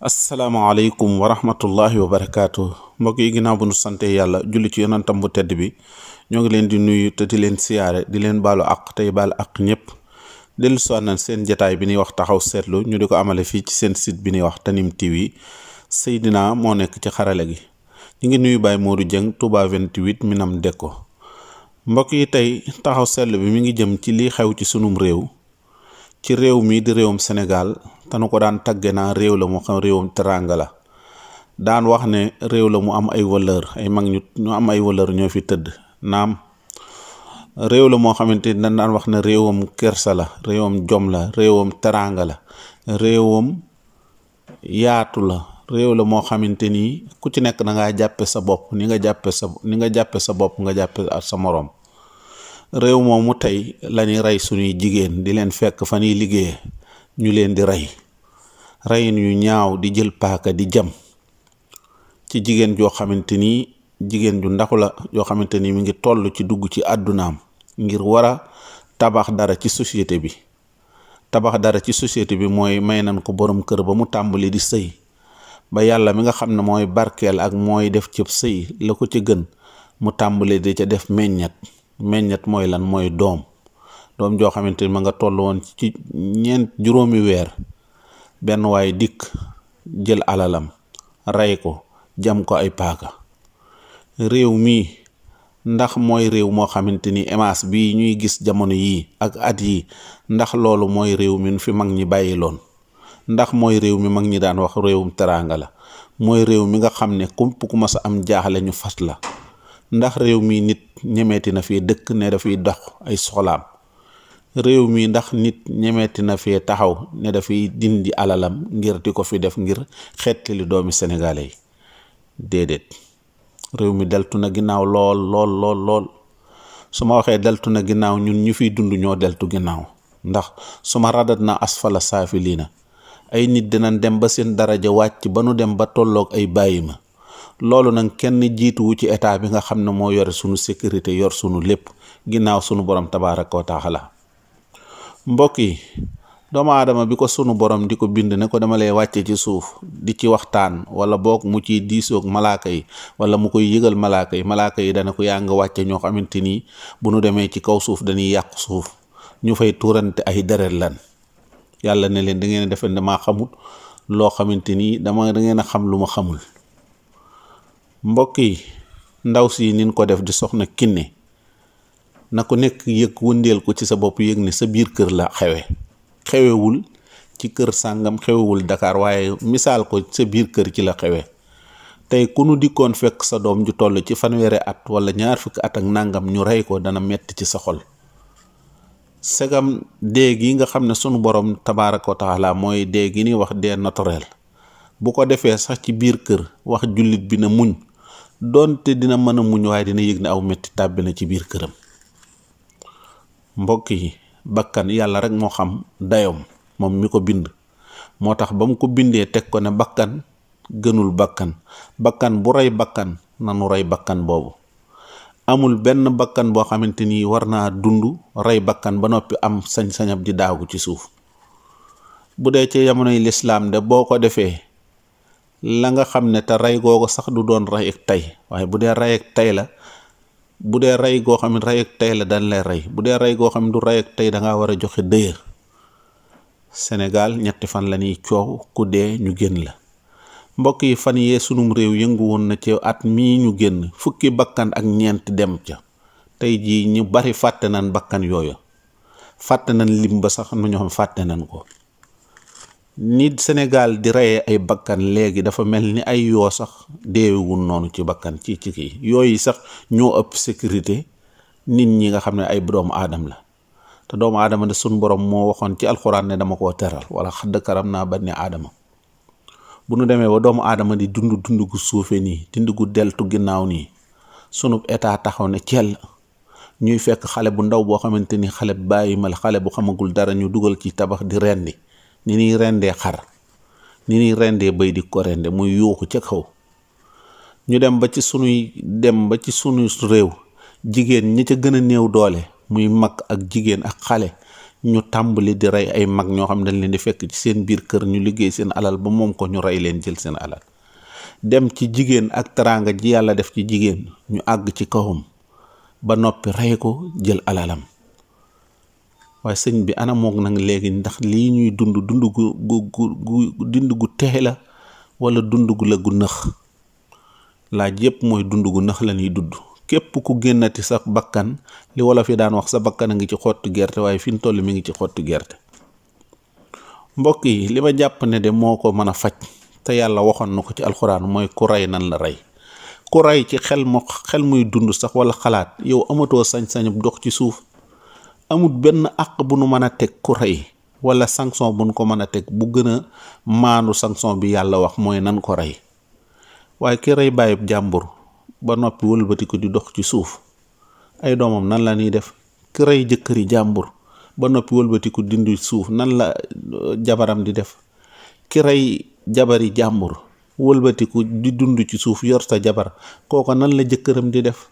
asalaamaaleykum wa rahmatullahi wa barakaatu mbokk yi ginnaaw bu nu sante yàlla julli ci yonantam bu tedd bi ñoo ngi leen di nuyu te di leen siyaare di leen baalu àq tey baal àq ñëpp dellu si nañ seen jataay bi ñuy wax taxaw seetlu ñu di ko amale fii ci seen site bi ñuy wax yi TV Seydina moo nekk ci xarale gi ñu ngi nuyu Baye Modou Dieng Touba 28 Minam Deko mbokk yi tey taxaw seetlu bi mi ngi jëm ci lii xew ci sunum réew ci réew mii di réewum Sénégal tanu ko daan tagge naa réew la moo xam réewam teranga la daan wax ne réew la mu am ay valeur ay mag ñu am ay valeur ñoo fi tëdd naam réew moo xamante dañ daan wax ne réewam kersa la réewam jom la réewam teranga la réewam yaatu la réew la moo xamante ni ku ci nekk da ngaa jàppe sa bopp ni nga jàppe sa ni nga jàppe sa bopp nga jàppe sa moroom réew moomu tey lañuy rey rey suñuy jigéen di leen fekk fa ñuy liggéeye ñu leen di rey reyin yu ñaaw di jël paaka di jam ci jigéen joo xamante ni jigéen ju ndaxu la yoo xamante ni mi ngi toll ci dugg ci àddunaam ngir war a tabax dara ci société bi tabax dara ci société bi mooy may nan ko borom kër ba mu tàmbalee di sëy ba yàlla mi nga xam ne mooy barkeel ak mooy def cëb sëy la ko ca gën mu tàmbalee di ca def meññat meññat mooy lan mooy doom doom joo xamante ni ma nga toll woon ci ñeent juróomi weer benn waaye dikk jël alalam rey ko jam ko ay paaka réew mii ndax mooy réew moo xamante ni emas bi ñuy gis jamono yii ak at yi ndax loolu mooy réew mi fi mag ñi bàyyi loon ndax mooy réew mi mag ñi daan wax réewum teraanga la mooy réew mi nga xam ne kump ku mas a am jaaxle ñu fas la ndax réew mii nit ñemeeti na fii dëkk ne dafay dox ay soxlaam réew mii ndax nit ñemeeti na fee taxaw ne dafay dindi alalam ngir di ko fi def ngir xeetali doomi sénégalais yi déedéet réew mi daltu na ginnaaw lool lool lool su ma waxee daltu na ginnaaw ñun ñu fiy dund ñoo deltu ginnaaw ndax su ma radat na asfala saafi lii na ay nit dinañ dem ba seen daraja wàcc ba nu dem ba tolloog ay bàyyi ma loolu nag kenn jiituwu ci état bi nga xam ne moo yore sunu sécurité yor sunu lépp ginnaaw sunu borom tabaaraka wa mbokk yi doomu aadama bi ko sunu borom di ko bind ne ko dama lay wàcce ci suuf di ci waxtaan wala boog mu ciy diisoog malaaka yi wala mu koy yëgal malaaka yi malaaka yi dana ko yaa nga wàcce ñoo xamante ni bu nu demee ci kaw suuf dañuy yàq suuf ñu fay tuurante ay deret lan yàlla ne leen da ngeen a defe xamut loo xamante ni dama da ngeen a xam lu ma xamul mbokk yi ndaw si nin ko def di soxna kinne na ko nekk yëg wëndeel ko ci sa bopp yëg ne sa biir kër la xewe xewewul ci kër sàngam xewewul Dakar waaye misaal ko sa biir kër ci la xewe tey ku nu dikkoon fekk sa doom ju toll ci fanweeri at wala ñaar fukki at ak nàngam ñu rey ko dana metti ci sa xol segam dee gi nga xam ne sunu borom tabaaraka wa taala mooy dee gi ni wax dee naturel bu ko defee sax ci biir kër wax jullit bi na muñ doonte dina mën a muñ waaye dina yëg ne aw metti tàbbi na ci biir këram mbokk yi bakkan yàlla rek moo xam dayoom moom mi ko bind moo tax ba mu ko bindee teg ko ne bakkan gënul bakkan bakkan bu rey bakkan nanu rey bakkan boobu amul benn bakkan boo xamante ni war naa dund rey bakkan ba noppi am sañ-sañab di daagu ci suuf bu dee ci jamonoy lislaam de boo ko defee la nga xam ne te rey googu sax du doon rey ak tey waaye bu dee rey ak tey la bu dee rey goo xam ne rey ak tey la daan rey bu dee rey goo xam ne du rey ak tey da ngaa war a joxe dëye senegal ñetti fan la coow ku dee ñu génn la mbokk yi fan yee sunum réew yënguwoon na ci at mii ñu génn fukki bakkan ak ñeent dem ca tey jii ñu bari fàtte nañ bakkan yooyu fàtte nañ lim ba sax nu ñoo xam fàtte nañ ko ni Sénégal di reye ay bakkan léegi dafa mel ni ay yoo sax deewewul noonu ci bakkan ci ci kii yooyu sax ñoo ëpp sécurité nit ñi nga xam ne ay doomu aadam la te doomu aadama ne suñ borom moo waxoon ci alxuraan ne dama koo teral wala xadd karam naa bani aadama bu nu demee ba doomu aadama di dund dund gu suufe nii dund gu deltu ginnaaw nii sunub état taxaw ne cell ñuy fekk xale bu ndaw boo xamante ni xale bàyyi mal xale bu xamagul dara ñu dugal ci tabax di rendi ni ñuy rendee xar ni ñuy rendee bay di ko rende muy yuuxu ca kaw ñu dem ba ci sunuy dem ba ci sunu réew jigéen ñi ca gën a néew doole muy mag ak jigéen ak xale ñu tàmbali di rey ay mag ñoo xam ne dañ leen di fekk ci seen biir kër ñu liggéey seen alal ba moom ko ñu rey leen jël seen alal dem ci jigéen ak teraanga ji yàlla def ci jigéen ñu àgg ci kawam ba noppi rey ko jël alalam waaye sëñ bi ana moog nag léegi ndax lii ñuy dund dund gu gu gu dund gu texe la wala dund gu la gu nëx laaj yépp mooy dund gu nëx la ñuy dudd képp ku génnati sa bakkan li wolof yi daan wax sa bakkan a ngi ci xottu gerte waaye fi mu toll mi ngi ci xottu gerte mbokk yi li ma jàpp ne de moo ko mën a faj te yàlla waxoon na ko ci alxuraan mooy ku rey nan la rey ku rey ci xel mo xel muy dund sax wala xalaat yow amatoo sañ-sañu dox ci suuf amut benn àq bu nu mën a teg ku rey wala sanction bu nu ko mën a teg bu gën a maanu sanction bi yàlla wax mooy nan ko rey waaye ki rey bàyyib jàmbur ba noppi wëlbati di dox ci suuf ay doomam nan la ñuy def ki rey jëkkëri jàmbur ba noppi wëlbati ko suuf nan la euh, jabaram di def ki rey jabari jàmbur wëlbatiku di dund ci suuf yor sa jabar kooko nan la jëkkëram di def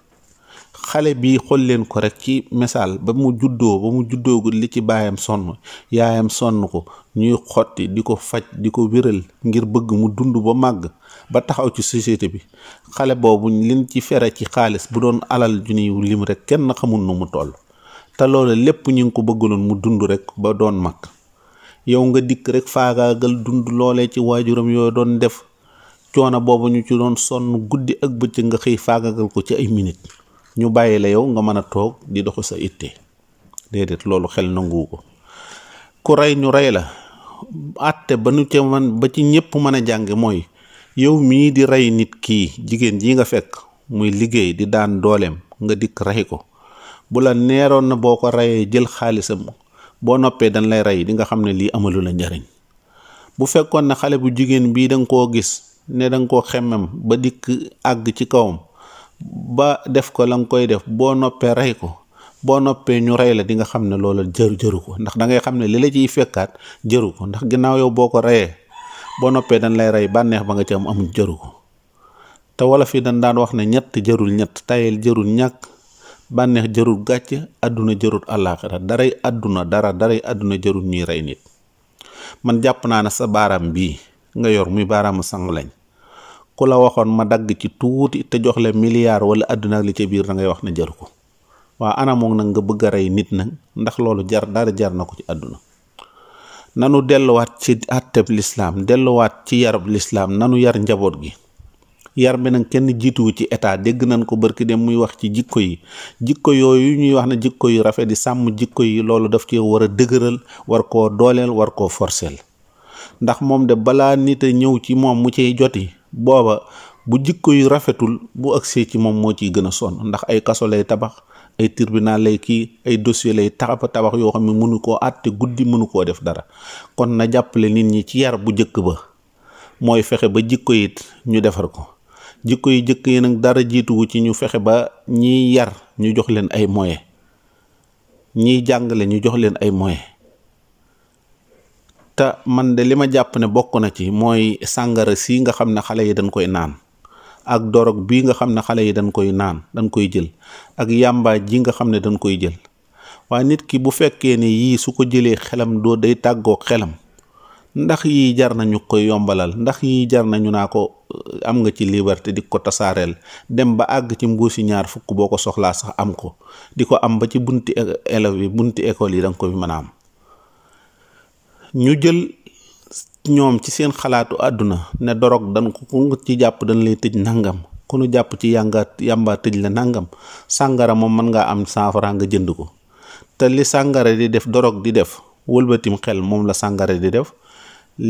xale bi xol leen ko rek ci misaal ba mu juddoo ba mu juddoogul li ci baayam sonn yaayam sonn ko ñuy xotti di ko faj di ko wéral ngir bëgg mu dund ba màgg ba taxaw ci société bi xale boobu leen ci fere ci xaalis bu doon alal ju niy lim rek kenn xamul nu mu toll te loolu lépp ñu ngi ko bëggaloon mu dund rek ba doon mag yow nga dikk rek faagaagal dund loolee ci waajuram yooyu doon def coono boobu ñu ci doon sonn guddi ak bëccëg nga xëy faagaagal ko ci ay minutes ñu bàyyi la yow nga mën a toog di doxu sa itte déedéet loolu xel nanguwu ko ku rey ñu rey la àtte ba nu ca man ba ci ñépp mën a jàng mooy yow mii di rey nit kii jigéen ji nga fekk muy liggéey di daan dooleem nga dikk rey ko bu la neeroon na boo ko reyee jël xaalisam boo noppee dañ lay rey di nga xam ne lii amalu la njariñ bu fekkoon ne xale bu jigéen bii danga koo gis ne danga koo xemmem ba dikk àgg ci kawam ba def ko la nga koy def boo noppee rey ko boo noppee ñu rey la di nga xam ne loola jëru jëru ko ndax dangay xam ne li la ciy fekkaat jëru ko ndax ginnaaw yow boo ko reyee boo noppee dañ lay rey bànneex ba nga ci am amuñ jëru ko te wolof yi dañ daan wax ne ñett jërul ñett tayel jërul ñàkk bànneex jërul gàcc àdduna jërul àllaaxira daray àdduna dara daray àdduna jërul ñuy rey nit man jàpp naa ne sa baaraam bii nga yor muy baaraamu sang lañ ku la waxoon ma dagg ci tuuti te jox la milliard wala àdduna ak li ci biir da ngay wax ne jaru ko waa ana moom nag nga bëgg a rey nit nag ndax loolu jar dara jar na ko ci àdduna nanu delluwaat ci àtteb lislaam delluwaat ci yarab lislaam nanu yar njaboot gi yar bi nag kenn jiituwu ci état dégg nañ ko barki dem muy wax ci jikko yi jikko yooyu ñuy wax ne jikko yu rafet di sàmm jikko yi loolu daf ci war a dëgëral war koo dooleel war koo forcel ndax moom de balaa nit a ñëw ci moom mu ciy joti booba bu jikko yu rafetul bu agsee ci moom moo ciy gën a sonn ndax ay kaso lay tabax ay tribunal lay kii ay dossier lay taxaba tabax yoo xam ne nu koo àtte guddi mënu koo def dara kon na jàppale nit ñi ci yar bu jëkk ba mooy fexe ba jikko yit ñu defar ko jikko yi jëkk yi nag dara jiituwu ci ñu fexe ba ñiy yar ñu jox leen ay moyens ñiy jàngale ñu jox leen ay moyens te man de li ma jàpp ne bokk na ci mooy sàngara si nga xam ne xale yi dañ koy naan ak dorog bii nga xam ne xale yi dañ koy naan dañ koy jël ak yàmbaa ji nga xam ne dañ koy jël waaye nit ki bu fekkee ni yii su ko jëlee xelam doo day tàggoo xelam ndax yii jar nañu koy yombalal ndax yii jar nañu naa ko euh, am nga ci liberté di ko tasaareel dem ba àgg ci mbuusi ñaar fukk boo ko soxlaa sax am ko di ko am ba ci bunti euh, élèves yi bunti école yi dan nga ko fi mën a am ñu jël ñoom ci seen xalaatu àdduna ne dorog dan ko ku ci jàpp dañ lay tëj nangam ku jàpp ci yànga yàmba tëj la nangam sàngara moom mën ngaa am cent nga jënd ko te li sàngara di def dorog di def wëlbatim xel moom la sàngara di def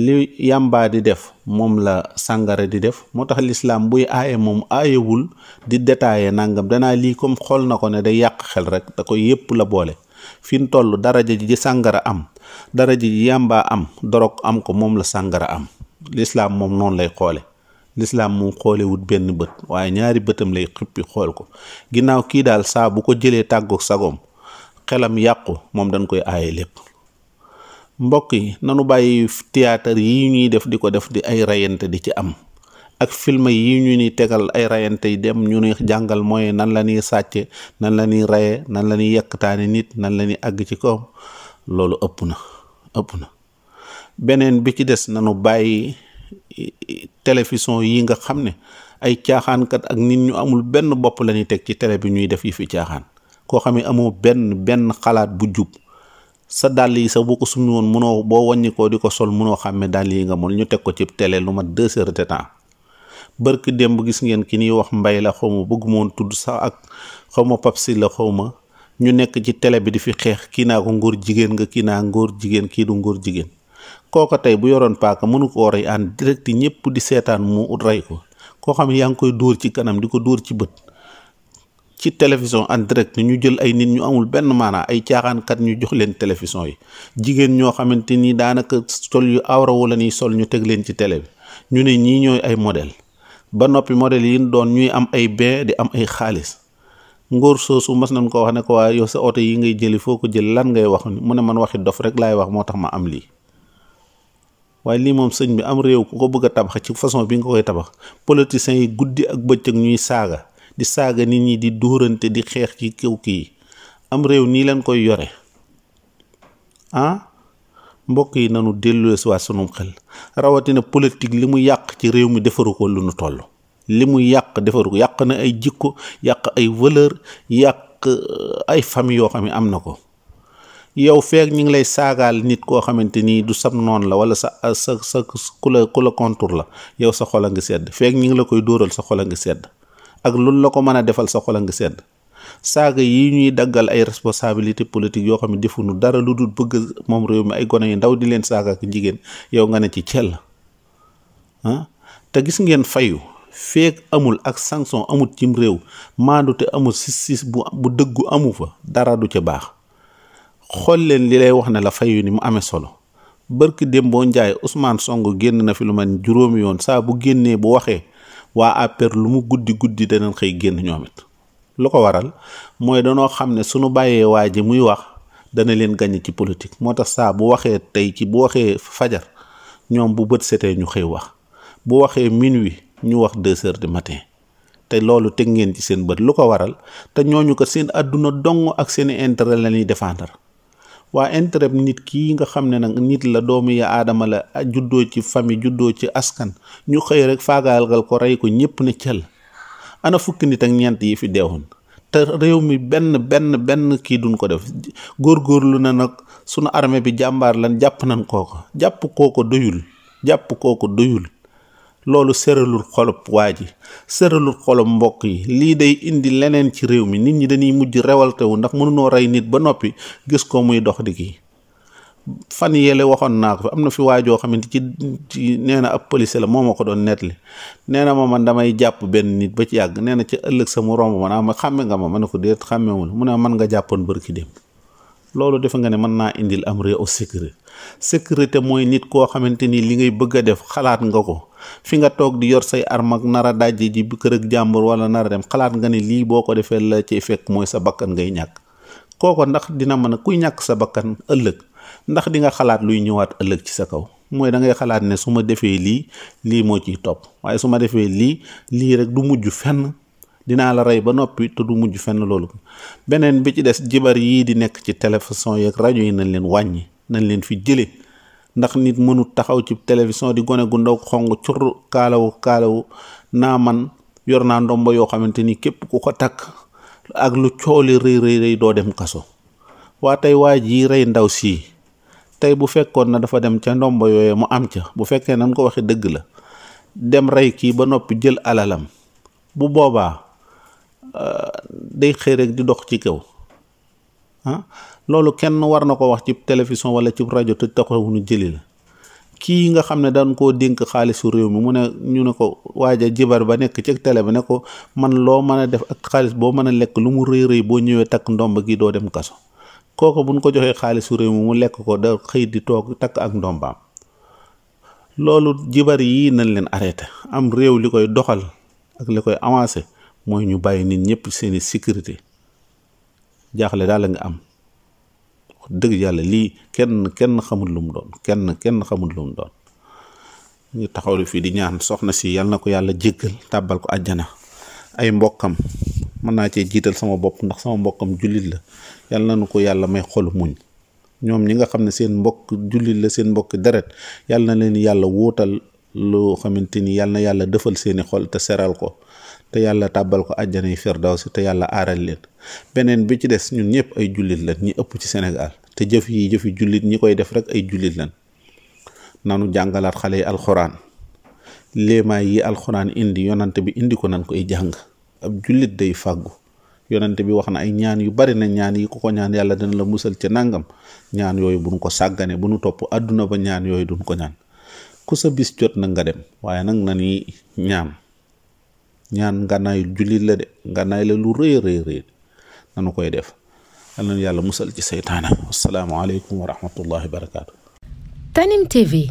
li yàmbaa di def moom la sàngara di def moo tax lislaam buy aaye moom aayewul di détaillé nangam danaa lii comme xool na ko ne day yàq xel rek da ko yépp la boole fi mu toll daraja ji sàngara am daraja ji yàmbaa am dorog am ko moom la sàngara am lislaam moom noonu lay xoole lislaam moom xoolewut benn bët waaye ñaari bëtam lay xippi xool ko ginnaaw kii daal saa bu ko jëlee tàggook sagoom xelam yàqu moom dañ koy aaye lépp mbokk yi nanu bàyyi théâtre yi ñuy def di ko def di ay reyante di ci am ak film yi ñu ni tegal ay rayante yi dem ñu ni jàngal mooy nan la ñuy sàcce nan la ñuy raye nan la ñuy yekkataane nit nan la àgg ci kawam loolu ëpp na ëpp na beneen bi ci des nanu bàyyi télévision yi nga xam ne ay caaxaankat ak nit ñu amul benn bopp la ñuy teg ci télé bi ñuy def yi fi caaxaan koo xam ne amoo benn benn xalaat bu jub sa dàll yi sa boo ko summi woon munoo boo wàññi koo di ko sol munoo xàmme dàll yi nga mën ñu teg ko ci tele lu mat deux heures de temps bërk démb gis ngeen ki ñuy wax mbay la xaw ma bëgg moon tudd sax ak xaw ma papsi la xaw ma ñu nekk ci télé bi di fi xeex kii naa ko ngóor jigéen nga kii naa ngóor jigéen kii du ngóor jigéen kooka tey bu yoroon paaka mënu ko rey en direct ñëpp di seetaan mu ut rey ko koo xam yaa ngi koy dóor ci kanam di ko dóor ci bët ci télévision en direct ñu jël ay nit ñu amul benn maanaa ay caaxaankat ñu jox leen télévision yi jigéen ñoo xamante ni daanaka sol yu awra wala ni sol ñu teg leen ci télé bi ñu ne ñii ñooy ay modèle ba noppi modèle yi doon ñuy am ay bain di am ay xaalis ngóor soosu mas nañ ko wax ne ko waa yow sa oto yi ngay jëli foo ko jël lan ngay wax mu ne man waxi dof rek laay wax moo tax ma am lii waaye lii moom sëñ bi am réew ku ko bëgg tabax ci façon bi nga koy tabax politiciens yi guddi ak bëccëg ñuy saaga di saaga nit ñi di dóorante di xeex ci kaw kii am réew nii leen koy yore ah? mbokk yi nanu dellu si waa sunum xel rawatina politique li mu yàq ci réew mi defaru ko lu nu toll li mu yàq defaru ko yàq na ay jikko yàq ay valeur yàq euh, ay famille yoo xam ne am na ko yow feek ñu ngi lay saagaal nit koo xamante nii du sab noon la wala sa euh, sa sa ku la ku la yow sa xol a ngi sedd feek ñu ngi la koy dóoral sa xol a ngi sedd ak loolu la ko mën a defal sa xol a ngi sedd saaga yi ñuy daggal ay responsabilité politique yoo xam ne nu dara lu dul bëgg moom réew mi ay gone yu ndaw di leen saaga ak jigéen yow nga ne ci cell ah te gis ngeen fayu feek amul ak sanction amul cim réew maandu te amul sis sis bu dëggu amu fa dara du ca baax xool leen li lay wax ne la fayu ni mu amee solo bërki démboo njaay Ousmane song génn na fi lu man juróom yoon saa bu génnee bu waxee waa APR lu mu guddi guddi danañ xëy génn ñoom lu ko waral mooy danoo xam ne suñu bàyyee waa ji muy wax dana leen gañe ci politique moo tax saa bu waxee tey ci bu waxee fajar ñoom bu bët setee ñu xëy wax bu waxee wi ñu wax deux heures du matin te loolu teg ngeen ci seen bët lu ko waral te ñoo ñu ko seen àdduna dong ak seen intérêt la ñuy défendre waa intérêt nit kii nga xam ne nag nit la doomu ya aadama la juddoo ci famille juddoo ci askan ñu xëy rek faagaagal ko rey ko ñépp ne cel ana fukki nit ak ñeent yi fi deewoon te réew mi benn benn benn kii duñ ko def góor góorlu na nag sunu armee bi jàmbaar lan jàpp nañ kooko jàpp kooko doyul jàpp kooko doyul loolu sëralul xolob waa ji sëralul xolob mbokk yi lii day indi leneen ci réew mi nit ñi dañuy mujj rewaltewu ndax mënunoo rey nit ba noppi gis ko muy dox di kii fan yële waxoon naa ko fi am na fi waajoo xamante ci ci nee ab police la moom ma ko doon nettali nee na ma man damay jàpp benn nit ba ci yàgg nee na ci ëllëg sa mu romb ma naa ma xàmme nga ma ma ne ko déet xàmmewul mu ne man nga jàppoon bërki dem loolu defe nga ne mën naa indil am réew au sécurité sécurité mooy nit koo xamante ni li ngay bëgg a def xalaat nga ko fi nga toog di yor say arm ak nar a dajji ji bi kër ak jàmbur wala nar dem xalaat nga ne lii boo ko defee la ci fekk mooy sa bakkan ngay ñàkk kooko ndax dina mën a kuy ñàkk sa bakkan ëllëg ndax di nga xalaat luy ñëwaat ëllëg ci sa kaw mooy dangay xalaat ne su ma defee lii lii moo ciy topp waaye su ma defee lii lii rek du mujj fenn dinaa la rey ba noppi te du mujj fenn loolu beneen bi ci des jibar yii di nekk ci télévision yeeg rajo yi nañ leen wàññi nañ leen fi jëlee ndax nit mënut taxaw ci télévision di gone gu ndaw xong cur kaalawu kaalawu naa man yor naa ndomba yoo xamante ni képp ku ko takk ak lu cooli rëy rëy rëy doo dem kaso tey bu fekkoon na dafa dem ca ndomba yooye mu am ca bu fekkee nan ko waxee dëgg la dem rey kii ba noppi jël alalam bu boobaa euh, day xëy rek di dox ci kaw ah loolu kenn war na ko wax ci télévision wala ci rajo te taxawuñu jëli la kii nga xam ne dañ koo dénk xaalisu réew mi mu ne ñu ne ko waaja jibar ba nekk ci télé bi ne ko man loo mën a def ak xaalis boo mën a lekk lu mu rëy rëy boo ñëwee takk ndomba gi doo dem kaso kooku buñ ko joxee xaalisu réew mi mu lekk ko da xëy di toog takk ak ndombaam loolu jibar yi nañ leen arrêté am réew li koy doxal ak li koy avancé mooy ñu bàyyi nit ñëpp seeni sécurité jaaxle daal la nga am dëgg yàlla lii kenn kenn xamul lu mu doon kenn kenn xamul lu mu doon ñu taxaw taxawlu fii di ñaan soxna si yàlla na ko yàlla jéggal tàbbal ko àjjana ay mbokkam mën naa cee jiital sama bopp ndax sama mbokkam jullit la yàlla na ko yàlla may xolu muñ ñoom ñi nga xam ne seen mbokk jullit la seen mbokk deret yàlla na leen yàlla wóotal lu xamante ni yàlla na yàlla defal seeni xol te seral ko te yàlla tàbbal ko àjjana yi si te yàlla aaral leen beneen bi ci des ñun ñëpp ay jullit la ñi ëpp ci senegal te jëf yi jëfi jullit ñi koy def rek ay jullit la nanu jàngalaat xale yi alxuraan léemaay yi alxuraan indi yonante bi indi ko nan koy jàng ab jullit day fàggu yonent bi wax na ay ñaan yu bari na ñaan yi ku ko ñaan yàlla dana la musal ca nangam ñaan yooyu bu nu ko sàggane bu nu topp adduna ba ñaan yooyu duñ ko ñaan ku bis jot na nga dem waaye nag na ni ñaan ñaan nganaayul jullit la de nganaay la lu rëy rëy rëy nanu koy def yal nañu yàlla musal ci seytaana assalaamu aleykum wa rahmatullahi barakaatu Tanim TV